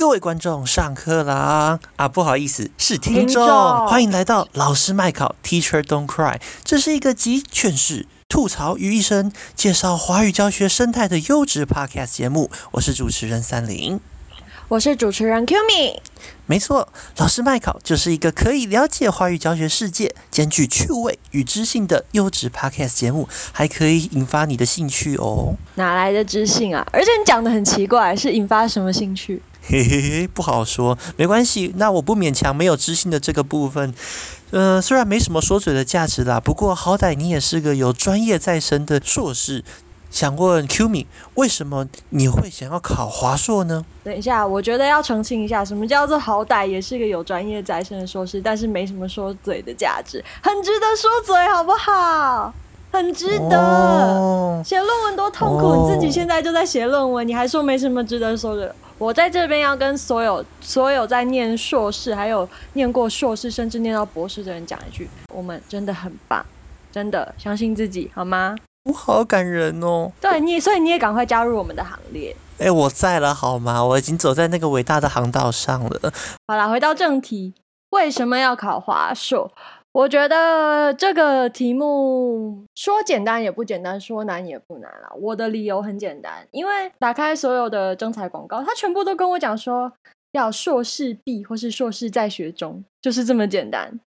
各位觀眾，上課啦！啊，不好意思，是聽眾。聽眾歡迎來到老師麥考 Teacher Don't Cry，這是一個集勸世、吐槽於一身，介紹華語教學生態的優質 podcast 節目。我是主持人30，我是主持人 Qme。沒錯，老師麥考就是一個可以了解華語教學世界、兼具趣味與知性的優質 podcast 節目，還可以引發你的興趣哦。哪來的知性啊？而且你講得很奇怪，是引發什麼興趣？嘿嘿嘿，不好說，沒關係。那我不勉強，沒有知性的這個部分，呃，雖然沒什麼說嘴的價值啦，不過好歹你也是個有專業在身的碩士。想問 Qme，為什麼你會想要考華碩呢？等一下，我覺得要澄清一下，什麼叫做好歹也是個有專業在身的碩士，但是沒什麼說嘴的價值，很值得說嘴，好不好？很值得。哦、寫論文多痛苦，哦、你自己現在就在寫論文，你還說沒什麼值得說嘴的？我在這邊要跟所有所有在念碩士，還有念過碩士，甚至念到博士的人講一句：我們真的很棒，真的相信自己，好嗎？我好感人哦！對，你所以你也趕快加入我們的行列。哎、欸，我在了，好嗎？我已經走在那個偉大的航道上了。好啦，回到正題，為什麼要考華碩？我覺得這個題目說簡單也不簡單，說難也不難，啊、我的理由很簡單，因為打開所有的徵才廣告，他全部都跟我講說要碩士畢或是碩士在學中，就是這麼簡單。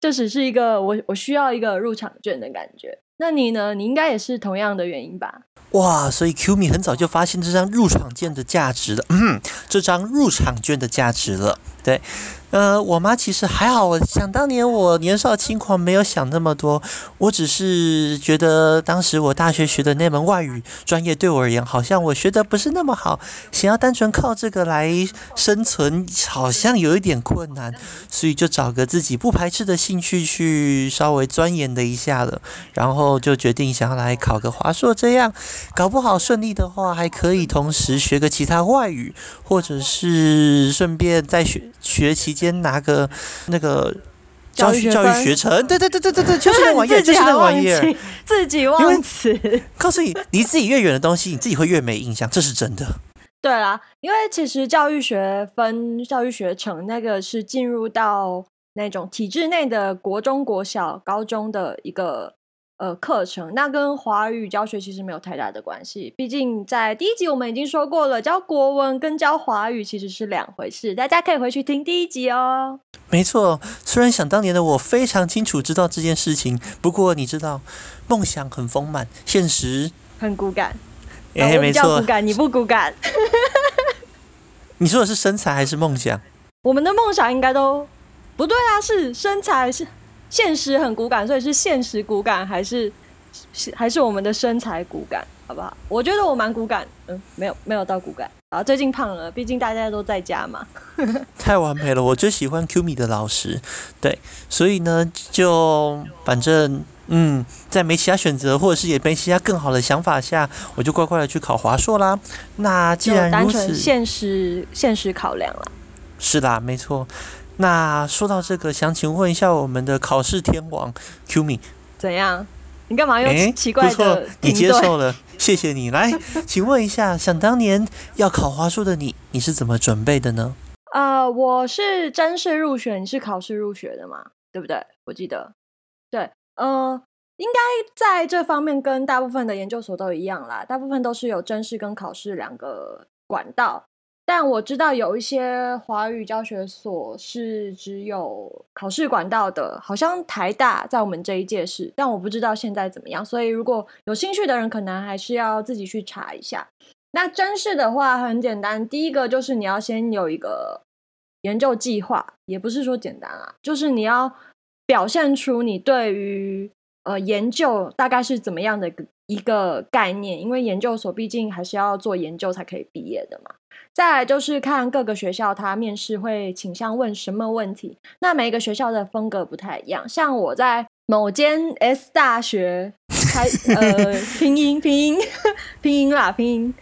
這只是一個我我需要一個入場券的感覺。那你呢？你應該也是同樣的原因吧？哇，所以 Qme 很早就發現這張入場券的價值了，嗯、這張入場券的價值了。對，呃，我媽其實還好。我想當年我年少輕狂，沒有想那麼多。我只是覺得當時我大學學的那門外語專業對我而言，好像我學的不是那麼好，想要單純靠這個來生存，好像有一點困難。所以就找個自己不排斥的興趣去稍微鑽研了一下了，然後就決定想要來考個華碩，這樣搞不好順利的話，還可以同時學個其他外語，或者是順便再學。學期間拿個那個教育教育學程。對對對對對對，就是那玩意兒，就是那玩意兒。自己忘記，告訴你，離自己越遠的東西，你自己會越沒印象，這是真的。對啦，因為其實教育學分，教育學程那個是進入到那種體制內的國中國小、高中的一個，呃，課程那跟華語教學其實沒有太大的關係。畢竟在第一集我們已經說過了，教國文跟教華語其實是兩回事。大家可以回去聽第一集哦。沒錯，雖然想當年的我非常清楚知道這件事情，不過你知道，夢想很豐滿，現實很骨感。哎、欸，沒錯、喔，我比較骨感，你不骨感。 你說的是身材還是夢想？我們的夢想應該都不對啊，是身材是。現實很骨感，所以是現實骨感，還是還是我們的身材骨感，好不好？我覺得我蠻骨感，嗯，沒有沒有到骨感啊。最近胖了，畢竟大家都在家嘛。 太完美了，我就喜歡 Qme 的老師，對，所以呢，就反正嗯，在沒其他選擇或者是也沒其他更好的想法下，我就乖乖的去考華碩啦。那既然如此，單純現實現實考量啦。是啦，沒錯。那說到這個，想請問一下我們的考試天王 Qme，怎樣？你干嘛用奇怪的？你接受了， 謝謝你。來，請問一下，想當年要考華數的你，你是怎麼準備的呢？呃，我是甄試入學，你是考試入學的嘛？對不對？我記得，對，呃，應該在這方面跟大部分的研究所都一樣啦，大部分都是有甄試跟考試兩個管道。但我知道有一些華語教學所是只有考試管道的，好像台大在我們這一屆是，但我不知道現在怎麼樣。所以如果有興趣的人，可能還是要自己去查一下。那甄試的話很簡單，第一個就是你要先有一個研究計劃，也不是說簡單啊，就是你要表現出你對於。呃，研究大概是怎麼樣的一個概念？因為研究所畢竟還是要做研究才可以畢業的嘛。再來就是看各個學校他面試會傾向問什麼問題。那每一個學校的風格不太一樣。像我在某間 S 大學，開 呃，拼音拼音拼音啦拼音，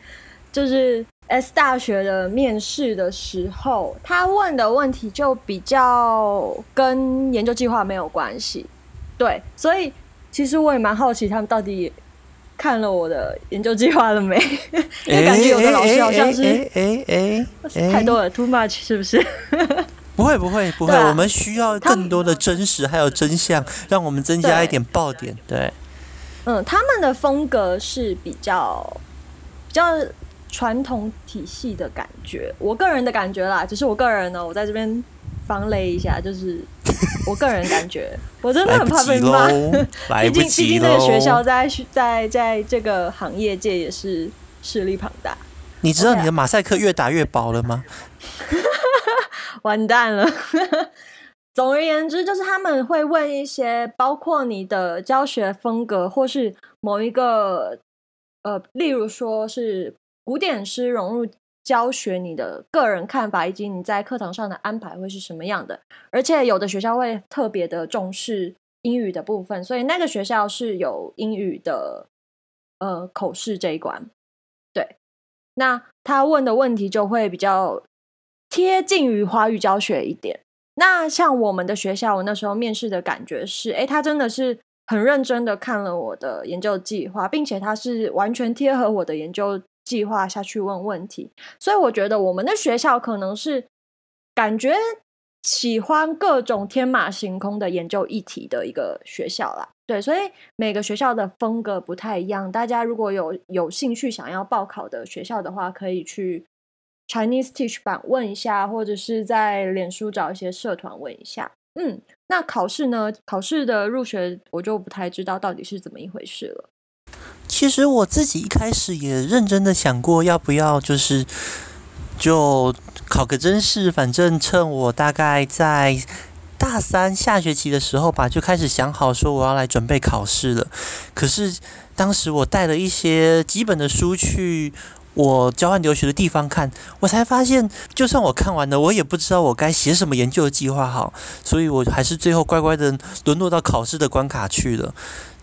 就是 S 大學的面試的時候，他問的問題就比較跟研究計劃沒有關係。對，所以。其實我也蠻好奇，他們到底看了我的研究計劃了沒？因為、欸、 感覺有的老師好像是太多了 too much、欸欸欸欸、是不是？不會不會不會，不會不會啊、我們需要更多的真實還有真相，讓我們增加一點爆點。對，對對對對嗯，他們的風格是比較比較傳統體系的感覺，我個人的感覺啦，只是我個人呢，我在這邊。防雷一下，就是我個人感覺， 我真的很怕被罵。畢 竟，畢竟這個學校在在在這個行業界也是勢力龐大。你知道你的馬賽克越打越薄了嗎？ 完蛋了。 總而言之，就是他們會問一些，包括你的教學風格，或是某一個呃，例如說是古典詩融入。教學你的個人看法以及你在課堂上的安排會是什麼樣的？而且有的學校會特別的重視英語的部分，所以那個學校是有英語的呃口試這一關。對，那他問的問題就會比較貼近於華語教學一點。那像我們的學校，我那時候面試的感覺是，哎、欸，他真的是很認真的看了我的研究計劃，並且他是完全貼合我的研究，計劃下去問問題，所以我覺得我們的學校可能是感覺喜歡各種天馬行空的研究議題的一個學校啦。對，所以每個學校的風格不太一樣。大家如果有有興趣想要報考的學校的話，可以去 Chinese Teach 版問一下，或者是在臉書找一些社團問一下。嗯，那考試呢？考試的入學我就不太知道到底是怎麼一回事了。其實我自己一開始也認真的想過要不要，就是就考個甄試。反正趁我大概在大三下學期的時候吧，就開始想好說我要來準備考試了。可是當時我帶了一些基本的書去我交換留學的地方看，我才發現，就算我看完了，我也不知道我該寫什麼研究的計劃好，所以我還是最後乖乖的淪落到考試的關卡去了。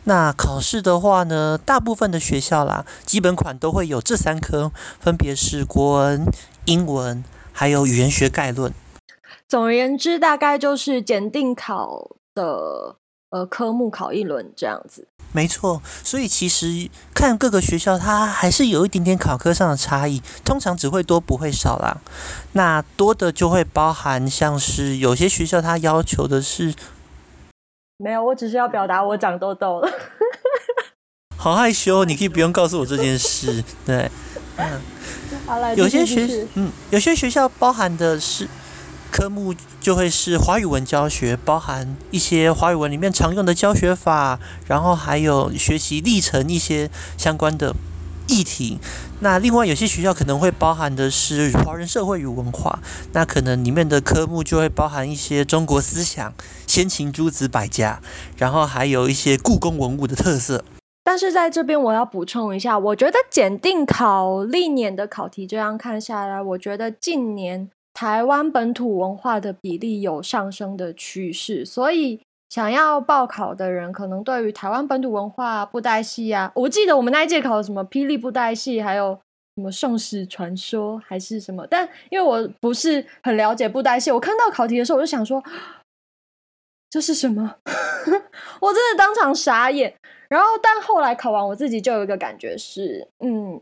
那考試的話呢，大部分的學校啦，基本款都會有這三科，分別是國文、英文，還有語言學概論。總而言之，大概就是檢定考的呃科目考一輪這樣子。沒錯，所以其實看各個學校，它還是有一點點考科上的差異，通常只會多不會少啦。那多的就會包含像是有些學校它要求的是。沒有，我只是要表達我長痘痘了， 好害羞。你可以不用告訴我這件事，對。嗯、 好了，謝謝，有些學，謝謝嗯，有些學校包含的是科目，就會是華語文教學，包含一些華語文裡面常用的教學法，然後還有學習歷程一些相關的。議題。那另外有些學校可能會包含的是華人社會與文化，那可能裡面的科目就會包含一些中國思想、先秦諸子百家，然後還有一些故宮文物的特色。但是在這邊我要補充一下，我覺得檢定考歷年的考題這樣看下來，我覺得近年台灣本土文化的比例有上升的趨勢，所以。想要報考的人，可能對於台灣本土文化啊，布袋戲啊，我記得我們那一屆考了什麼霹靂布袋戲，還有什麼宋史傳說還是什麼，但因為我不是很了解布袋戲，我看到考題的時候，我就想說，這是什麼？ 我真的當場傻眼。然後，但後來考完，我自己就有一個感覺是，嗯，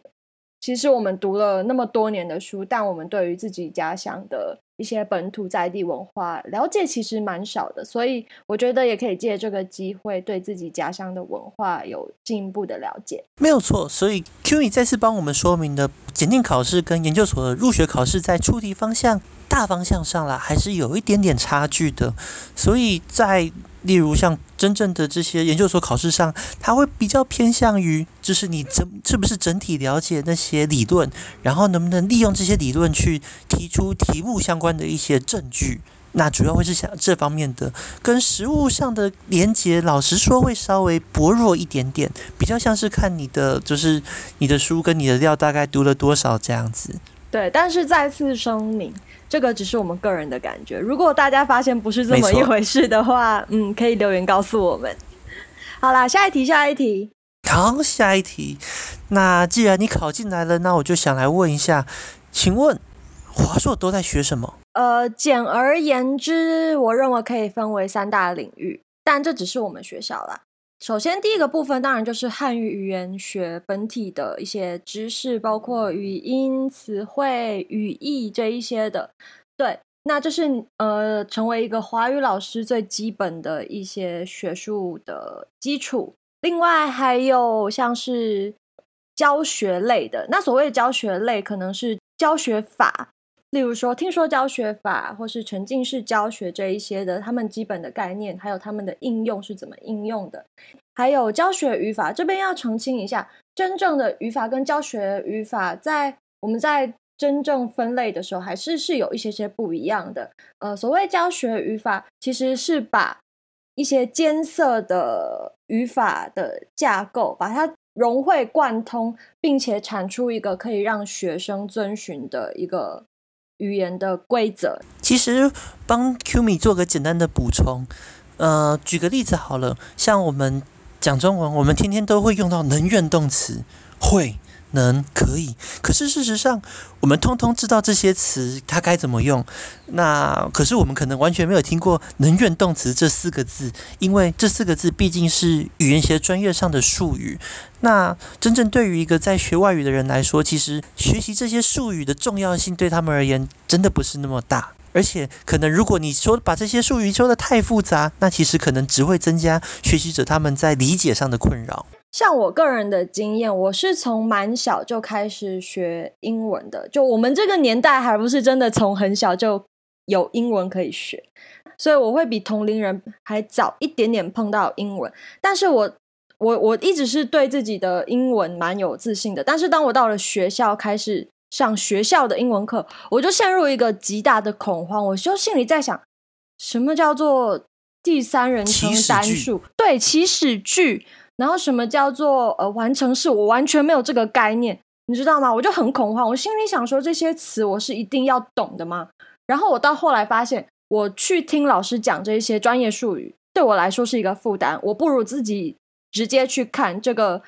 其實我們讀了那麼多年的書，但我們對於自己家鄉的。一些本土在地文化了解其實蠻少的，所以我覺得也可以借這個機會，對自己家鄉的文化有進一步的了解。沒有錯，所以 Qme 再次幫我們說明的，檢定考試跟研究所的入學考試在出題方向、大方向上啦，還是有一點點差距的，所以在。例如，像真正的這些研究所考試上，它會比較偏向於，就是你整是不是整體了解那些理論，然後能不能利用這些理論去提出題目相關的一些證據。那主要會是想這方面的，跟實物上的連接，老實說會稍微薄弱一點點，比較像是看你的就是你的書跟你的料大概讀了多少這樣子。對，但是再次聲明，這個只是我們個人的感覺。如果大家發現不是這麼一回事的話，沒錯。嗯，可以留言告訴我們。好啦，下一題，下一題。好，下一題。那既然你考進來了，那我就想來問一下，請問華研所都在學什麼？呃，簡而言之，我認為可以分為三大領域，但這只是我們學校啦。首先，第一個部分當然就是漢語語言學本體的一些知識，包括語音、詞彙、語義這一些的。對，那這是呃，成為一個華語老師最基本的一些學術的基礎。另外，還有像是教學類的，那所謂的教學類，可能是教學法。例如說，聽說教學法或是沉浸式教學這一些的，他們基本的概念還有他們的應用是怎麼應用的？還有教學語法這邊要澄清一下，真正的語法跟教學語法在我們在真正分類的時候，還是是有一些些不一樣的。呃，所謂教學語法，其實是把一些艱澀的語法的架構，把它融會貫通，並且產出一個可以讓學生遵循的一個。語言的規則，其實幫 Qme 做個簡單的補充，呃，舉個例子好了，像我們講中文，我們天天都會用到能願動詞，會、能可以，可是事實上，我們通通知道這些詞它該怎麼用。那可是我們可能完全沒有聽過“能願動詞”這四個字，因為這四個字畢竟是語言學專業上的術語。那真正對於一個在學外語的人來說，其實學習這些術語的重要性對他們而言真的不是那麼大。而且，可能如果你說把這些術語說得太複雜，那其實可能只會增加學習者他們在理解上的困擾。像我個人的經驗，我是從蠻小就開始學英文的。就我們這個年代，還不是真的從很小就有英文可以學，所以我會比同齡人還早一點點碰到英文。但是我，我我我一直是對自己的英文蠻有自信的。但是，當我到了學校，開始上學校的英文課，我就陷入一個極大的恐慌。我就心裡在想，什麼叫做第三人稱單數？對，祈使句。然後什麼叫做呃完成式？我完全沒有這個概念，你知道嗎？我就很恐慌。我心裡想說，這些詞我是一定要懂的嗎？然後我到後來發現，我去聽老師講這些專業術語，對我來說是一個負擔。我不如自己直接去看這個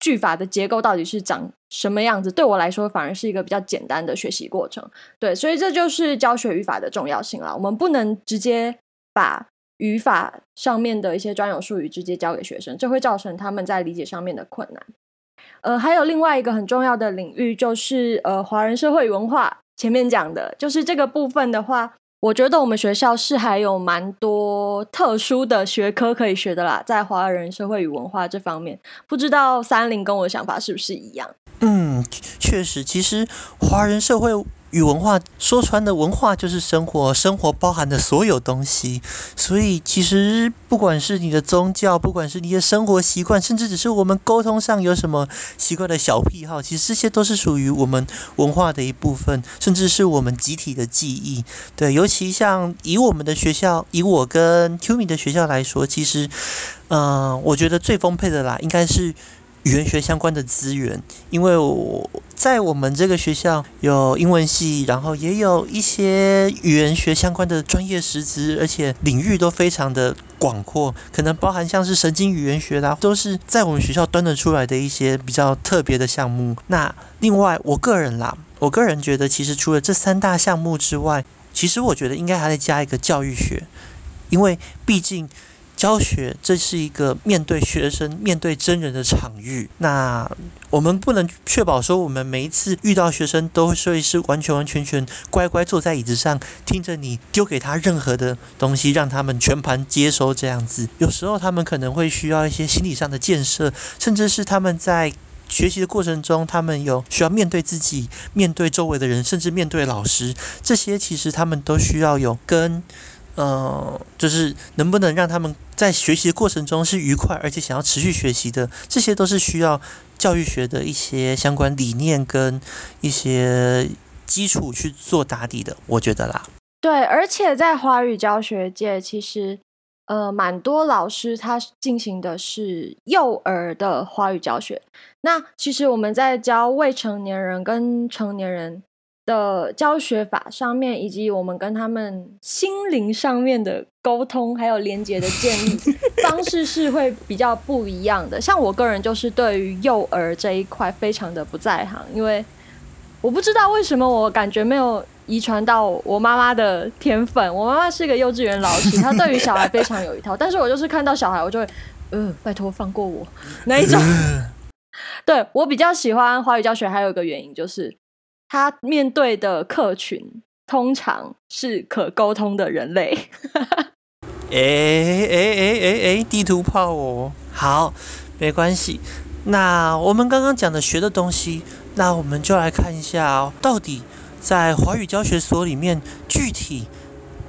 句法的結構到底是長什麼樣子。對我來說，反而是一個比較簡單的學習過程。對，所以這就是教學語法的重要性了。我們不能直接把語法上面的一些專有術語直接教給學生，這會造成他們在理解上面的困難。呃，還有另外一個很重要的領域，就是呃，華人社會與文化。前面講的就是這個部分的話，我覺得我們學校是還有蠻多特殊的學科可以學的啦，在華人社會與文化這方面，不知道30跟我的想法是不是一樣？嗯，確實，其實華人社會。與文化說穿了，文化就是生活，生活包含的所有東西。所以，其實不管是你的宗教，不管是你的生活習慣，甚至只是我們溝通上有什麼奇怪的小癖好，其實這些都是屬於我們文化的一部分，甚至是我們集體的記憶。對，尤其像以我們的學校，以我跟 Qme 的學校來說，其實，嗯、呃，我覺得最豐沛的啦，應該是語言學相關的資源，因為我。在我們這個學校有英文系，然後也有一些語言學相關的專業師資，而且領域都非常的廣闊，可能包含像是神經語言學啦，都是在我們學校端得出來的一些比較特別的項目。那另外，我個人啦，我個人覺得，其實除了這三大項目之外，其實我覺得應該還得加一個教育學，因為畢竟。教學這是一個面對學生、面對真人的場域。那我們不能確保說，我們每一次遇到學生都會是完全、完全、全乖乖坐在椅子上，聽着你丟給他任何的東西，讓他們全盤接收這樣子。有時候他們可能會需要一些心理上的建設，甚至是他們在學習的過程中，他們有需要面對自己、面對周圍的人，甚至面對老師。這些其實他們都需要有跟。呃，就是能不能讓他們在學習的過程中是愉快，而且想要持續學習的，這些都是需要教育學的一些相關理念跟一些基礎去做打底的，我覺得啦。對，而且在華語教學界，其實呃，蠻多老師他進行的是幼兒的華語教學。那其實我們在教未成年人跟成年人，的教學法上面，以及我們跟他們心靈上面的溝通，還有連接的建議方式是會比較不一樣的。 像我個人就是對於幼兒這一塊非常的不在行，因為我不知道為什麼我感覺沒有遺傳到我媽媽的天分。我媽媽是一個幼稚園老師，她對於小孩非常有一套， 但是我就是看到小孩，我就會，呃，拜託放過我那一種。 對，我比較喜歡華語教學，還有一個原因就是。他面對的客群通常是可溝通的人類。哎哎哎哎哎，地圖炮哦，好，沒關係。那我們剛剛講的學的東西，那我們就來看一下哦，到底在華語教學所裡面具體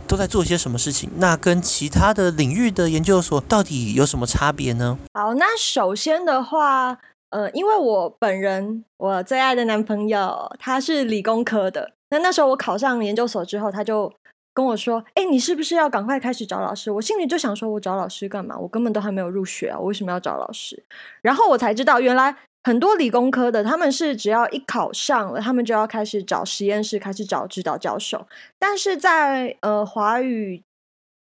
都在做些什麼事情？那跟其他的領域的研究所到底有什麼差別呢？好，那首先的話。呃，因為我本人我最愛的男朋友他是理工科的，那那時候我考上研究所之後，他就跟我說：“哎，你是不是要趕快開始找老師？”我心裡就想說：“我找老師幹嘛？我根本都還沒有入學啊，我為什麼要找老師？”然後我才知道，原來很多理工科的他們是只要一考上了，他們就要開始找實驗室，開始找指導教授。但是在呃華語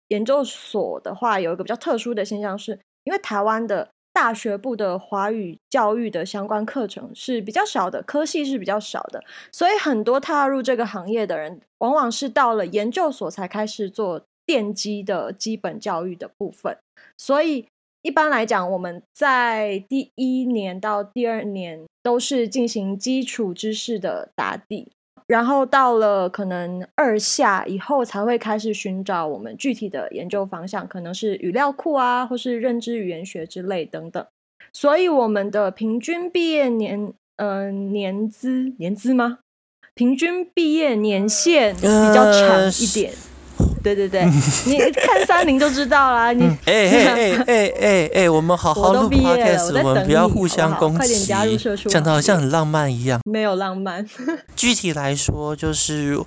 研究所的話，有一個比較特殊的現象是，是因為台灣的。大學部的華語教育的相關課程是比較少的，科系是比較少的，所以很多踏入這個行業的人，往往是到了研究所才開始做奠基的基本教育的部分。所以一般來講，我們在第一年到第二年都是進行基礎知識的打底。然後到了可能二下以後，才會開始尋找我們具體的研究方向，可能是語料庫啊，或是認知語言學之類等等。所以我們的平均畢業年，嗯、呃，年資年資嗎？平均畢業年限比較長一點。Uh 對對對， 你看三零就知道啦。你、嗯、 哎 哎哎哎哎哎，我們好好錄弄 podcast，我，我們不要互相攻擊，講的好，好像很浪漫一樣。沒有浪漫， 具體來說就是，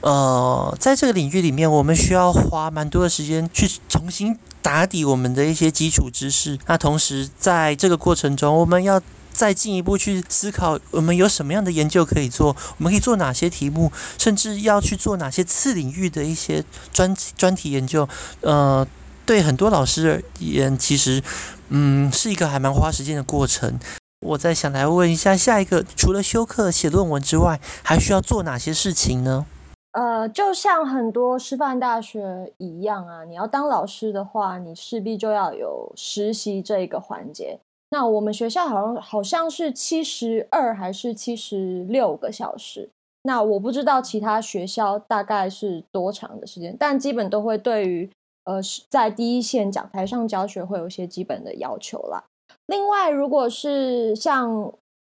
呃，在這個領域裡面，我們需要花蠻多的時間去重新打底我們的一些基礎知識。那同時在這個過程中，我們要。再進一步去思考，我們有什麼樣的研究可以做？我們可以做哪些題目？甚至要去做哪些次領域的一些專題專題研究？呃，對很多老師而言，其實，嗯，是一個還蠻花時間的過程。我再想，來問一下，下一個除了修課、寫論文之外，還需要做哪些事情呢？呃，就像很多師範大學一樣啊，你要當老師的話，你勢必就要有實習這一個環節。那我們學校好像好像是七十二還是七十六個小時？那我不知道其他學校大概是多長的時間，但基本都會對於呃在第一線講台上教學會有一些基本的要求啦。另外，如果是像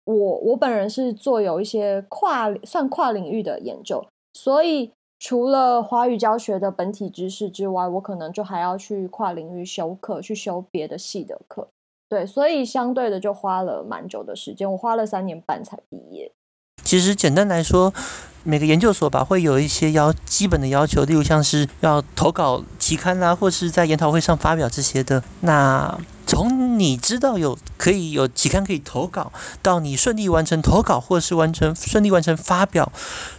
我，我本人是做有一些跨，算跨領域的研究，所以除了華語教學的本體知識之外，我可能就還要去跨領域修課，去修別的系的課。對，所以相對的就花了蠻久的時間，我花了三年半才畢業。其實簡單來說，每個研究所吧會有一些要基本的要求，例如像是要投稿期刊啦、啊，或是在研討會上發表這些的。那從你知道有可以有期刊可以投稿，到你順利完成投稿，或是完成順利完成發表，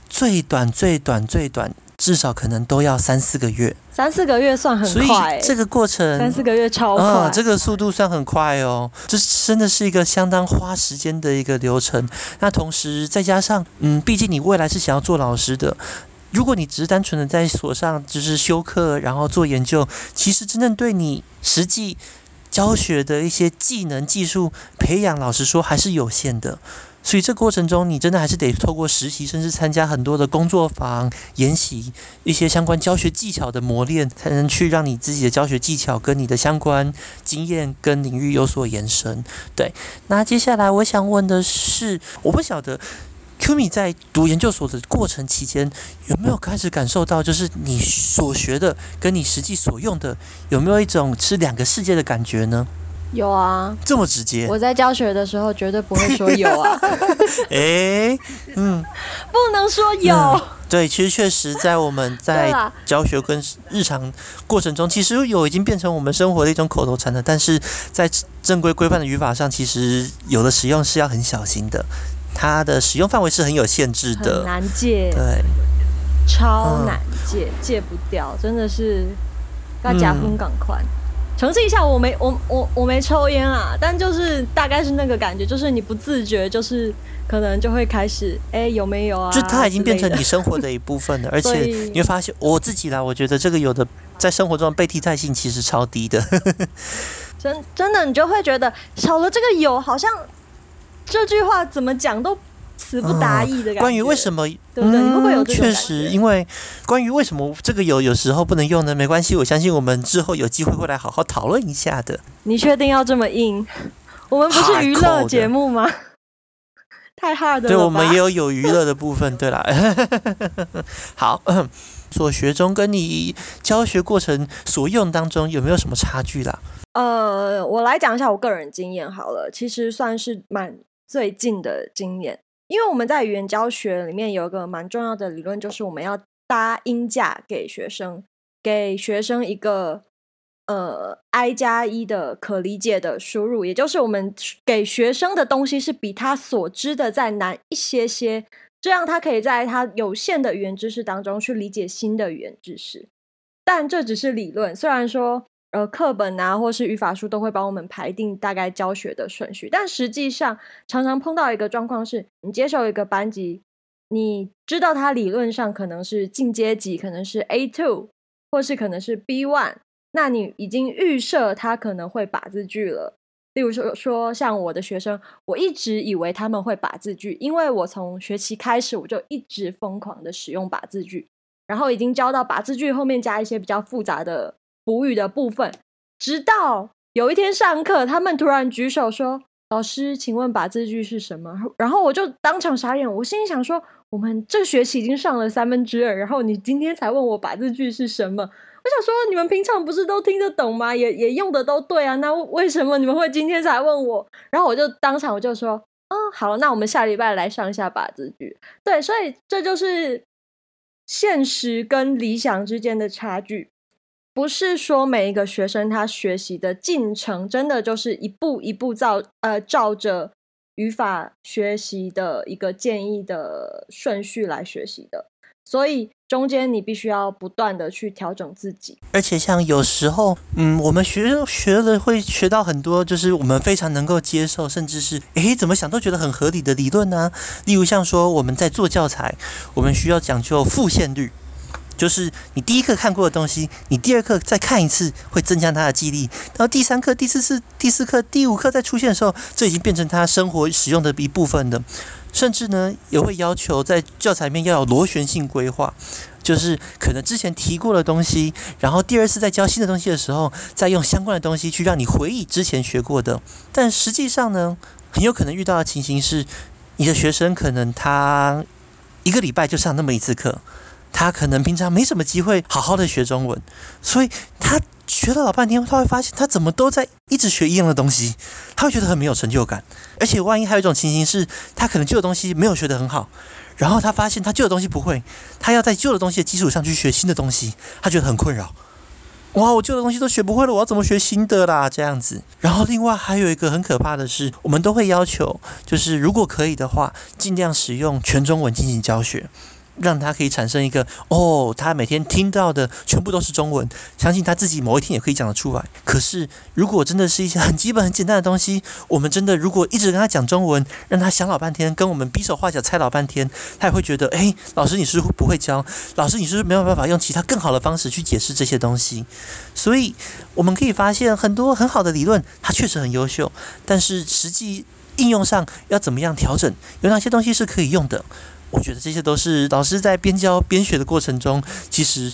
最短最短最短，最短。至少可能都要三四個月，三四個月算很快、欸。這個過程三四個月超快啊，這個速度算很快哦。這對 真的是一個相當花時間的一個流程。那同時再加上，嗯，畢竟你未來是想要做老師的，如果你只是單純的在所上就是修課，然後做研究，其實真正對你實際教學的一些技能技術培養，嗯、老實說還是有限的。所以這過程中，你真的還是得透過實習，甚至參加很多的工作坊、研習，一些相關教學技巧的磨練，才能去讓你自己的教學技巧跟你的相關經驗跟領域有所延伸。對，那接下來我想問的是，我不曉得 Qme 在讀研究所的過程期間，有沒有開始感受到，就是你所學的跟你實際所用的，有沒有一種是兩個世界的感覺呢？有啊，這麼直接？我在教學的時候絕對不會說有啊。哎、、 欸，嗯，不能說有。嗯、對，其實確實在我們在教學跟日常過程中，其實有已經變成我們生活的一種口頭禪了。但是在正規規範的語法上，其實有的使用是要很小心的，它的使用範圍是很有限制的。很難戒，對，超難戒，嗯、戒不掉，真的是要假分趕快。嗯嘗試一下，我沒我我我沒抽煙啊，但就是大概是那個感覺，就是你不自覺，就是可能就會開始，哎、欸，有沒有啊？就它已經變成你生活的一部分了， 以而且你會發現，我自己啦，我覺得這個有的在生活中被替代性其實超低的， 真真的，你就會覺得少了這個有，好像這句話怎麼講都。詞不達意的，嗯、關於為什麼確實，因為關於為什麼這個有有時候不能用呢？沒關係，我相信我們之後有機會會來好好討論一下的。你確定要這麼硬？我們不是娛樂節目嗎？的 太 hard 了。對，我們也有有娛樂的部分。 對啦。 好，所學中跟你教學過程所用當中有沒有什麼差距啦？呃，我來講一下我個人經驗好了。其實算是蠻最近的經驗。因為我們在語言教學裡面有一個蠻重要的理論，就是我們要搭鷹架給學生，給學生一個呃 I 加一的可理解的輸入，也就是我們給學生的東西是比他所知的再難一些些，這樣他可以在他有限的語言知識當中去理解新的語言知識。但這只是理論，雖然說。呃，課本啊，或是語法書都會幫我們排定大概教學的順序，但實際上常常碰到一個狀況是，你接受一個班級，你知道它理論上可能是進階級，可能是 A two，或是可能是 B one，那你已經預設它可能會把字句了。例如說說像我的學生，我一直以為他們會把字句，因為我從學期開始我就一直瘋狂的使用把字句，然後已經教到把字句後面加一些比較複雜的母語的部分，直到有一天上課，他們突然舉手說：“老師，請問把字句是什麼？”然後我就當場傻眼。我心裡想說：“我們這學期已經上了三分之二，然後你今天才問我把字句是什麼？”我想說：“你們平常不是都聽得懂嗎？也也用的都對啊，那為什麼你們會今天才問我？”然後我就當場我就說：“啊、嗯，好，那我們下禮拜來上一下把字句。”對，所以這就是現實跟理想之間的差距。不是說每一個學生他學習的進程真的就是一步一步照呃、照着語法學習的一個建議的順序來學習的，所以中間你必須要不斷的去調整自己。而且像有時候，嗯，我們學學了會學到很多，就是我們非常能夠接受，甚至是誒，怎麼想都覺得很合理的理論呢、啊。例如像說，我們在做教材，我們需要講究複現率。就是你第一課看過的東西，你第二課再看一次，會增加他的記憶力。然後第三課、第四次、第四課、第五課再出現的時候，這已經變成他生活使用的一部分的。甚至呢，也會要求在教材裡面要有螺旋性規劃，就是可能之前提過的東西，然後第二次再教新的東西的時候，再用相關的東西去讓你回憶之前學過的。但實際上呢，很有可能遇到的情形是，你的學生可能他一個禮拜就上那麼一次課。他可能平常沒什麼機會好好的學中文，所以他學了老半天，他會發現他怎麼都在一直學一樣的東西，他會覺得很沒有成就感。而且萬一還有一種情形是，他可能舊的東西沒有學得很好，然後他發現他舊的東西不會，他要在舊的東西的基礎上去學新的東西，他覺得很困擾。哇，我舊的東西都學不會了，我要怎麼學新的啦？這樣子。然後另外還有一個很可怕的是，我們都會要求，就是如果可以的話，盡量使用全中文進行教學。讓他可以產生一個哦，他每天聽到的全部都是中文，相信他自己某一天也可以講得出來。可是，如果真的是一些很基本、很簡單的東西，我們真的如果一直跟他講中文，讓他想老半天，跟我們比手畫腳猜老半天，他也會覺得哎，老師你是不是不會教，老師你是不是沒有辦法用其他更好的方式去解釋這些東西？所以，我們可以發現很多很好的理論，它確實很優秀，但是實際應用上要怎麼樣調整？有哪些東西是可以用的？我覺得這些都是老師在邊教邊學的過程中，其實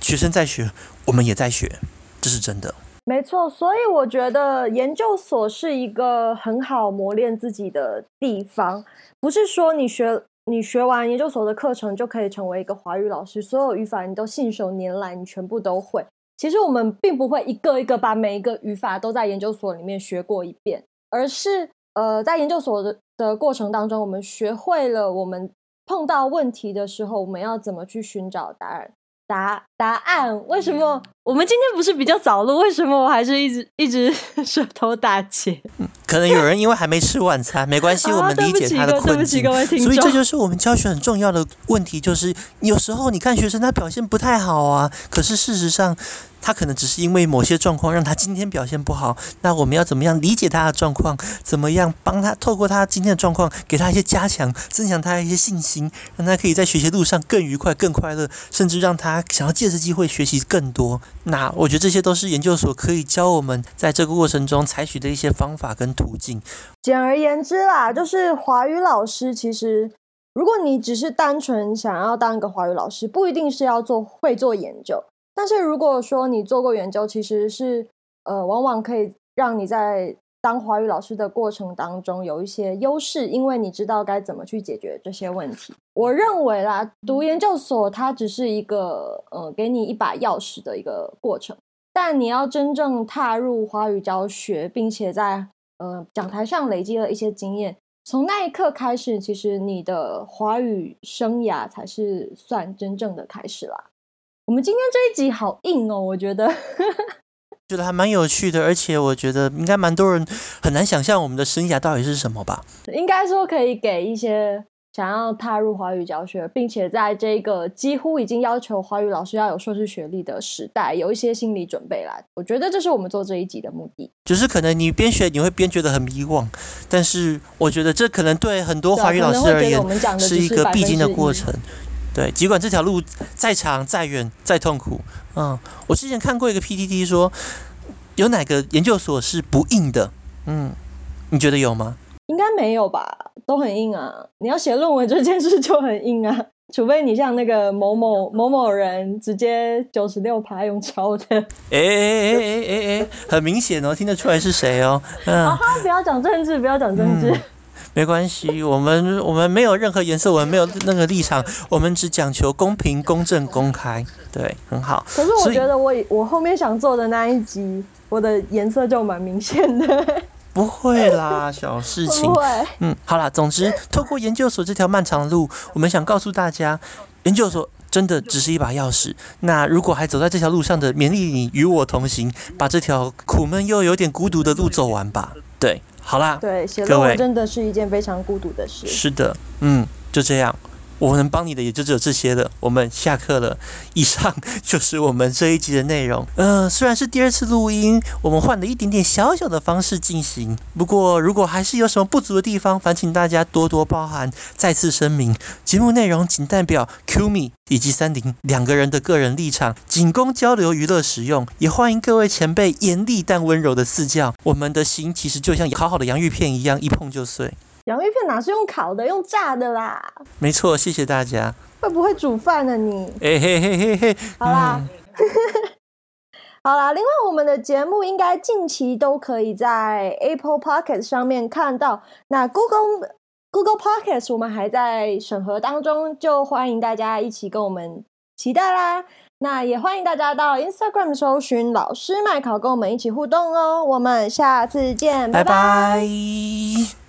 學生在學，我們也在學，這是真的。沒錯，所以我覺得研究所是一個很好磨練自己的地方，不是說你學你學完研究所的課程就可以成為一個華語老師，所有語法你都信手拈來，你全部都會。其實我們並不會一個一個把每一個語法都在研究所裡面學過一遍，而是呃，在研究所的的過程當中，我們學會了我們。碰到問題的時候，我們要怎麼去尋找答案？答答案，為什麼我們今天不是比較早錄？為什麼我還是一直一直舌頭打結？嗯可能有人因為還沒吃晚餐，沒關係，我們理解他的困境。所以這就是我們教學很重要的問題，就是有時候你看學生他表現不太好啊，可是事實上，他可能只是因為某些狀況讓他今天表現不好。那我們要怎麼樣理解他的狀況？怎麼樣幫他透過他今天的狀況，給他一些加強，增強他一些信心，讓他可以在學習路上更愉快、更快樂，甚至讓他想要借此機會學習更多。那我覺得這些都是研究所可以教我們在這個過程中採取的一些方法跟途徑，簡而言之啦，就是華語老師其實，如果你只是單純想要當一個華語老師，不一定是要做會做研究。但是如果說你做過研究，其實是呃，往往可以讓你在當華語老師的過程當中有一些優勢，因為你知道該怎麼去解決這些問題。我認為啦，讀研究所它只是一個呃，給你一把鑰匙的一個過程，但你要真正踏入華語教學，並且在呃，講台上累積了一些經驗，從那一刻開始，其實你的華語生涯，才是算真正的開始啦。我們今天這一集好硬哦，我覺得， 覺得還蠻有趣的，而且我覺得應該蠻多人很難想象我們的生涯到底是什麼吧？應該說可以給一些。想要踏入華語教學，並且在這個幾乎已經要求華語老師要有碩士學歷的時代，有一些心理準備啦。我覺得這是我們做這一集的目的。就是可能你邊學你會邊覺得很迷惘，但是我覺得這可能對很多華語老師而言，是一個必經的過程。對，儘管這條路再長、再遠、再痛苦。嗯，我之前看過一個 PPT 說，有哪個研究所是不硬的？嗯，你覺得有嗎？應該沒有吧，都很硬啊！你要寫論文這件事就很硬啊，除非你像那個某某某某人，直接九十六排用抄的。哎哎哎哎哎哎，很明顯哦、喔， 聽得出來是誰哦、喔。好、嗯啊，不要講政治，不要講政治，嗯、沒關係，我們我們沒有任何顏色，我們沒有那個立場， 我們只講求公平、公正、公開，對，很好。可是我覺得我以我後面想做的那一集，我的顏色就蠻明顯的。不會啦，小事情。嗯，好啦，總之，透過研究所這條漫長的路，我們想告訴大家，研究所真的只是一把鑰匙。那如果還走在這條路上的，勉勵你與我同行，把這條苦悶又有點孤獨的路走完吧。對，好啦，對，各位，寫論文真的是一件非常孤獨的事。是的，嗯，就這樣。我能幫你的也就只有這些了。我們下課了，以上就是我們這一集的內容。嗯、呃，雖然是第二次錄音，我們換了一點點小小的方式進行。不過，如果還是有什麼不足的地方，煩請大家多多包涵。再次聲明，節目內容僅代表 Qme，以及30兩個人的個人立場，僅供交流娛樂使用。也歡迎各位前輩嚴厲但溫柔的賜教。我們的心其實就像好好的洋芋片一樣，一碰就碎。洋芋片哪是用烤的，用炸的啦！沒錯，謝謝大家。會不會煮飯呢你？你嘿、欸、嘿嘿嘿，好啦，嗯、 好啦。另外，我們的節目應該近期都可以在 Apple Podcast 上面看到。那 Google, Google Google Podcast 我們還在審核當中，就歡迎大家一起跟我們期待啦。那也歡迎大家到 Instagram 搜尋老師麥考，跟我們一起互動哦、喔。我們下次見，拜拜。拜拜。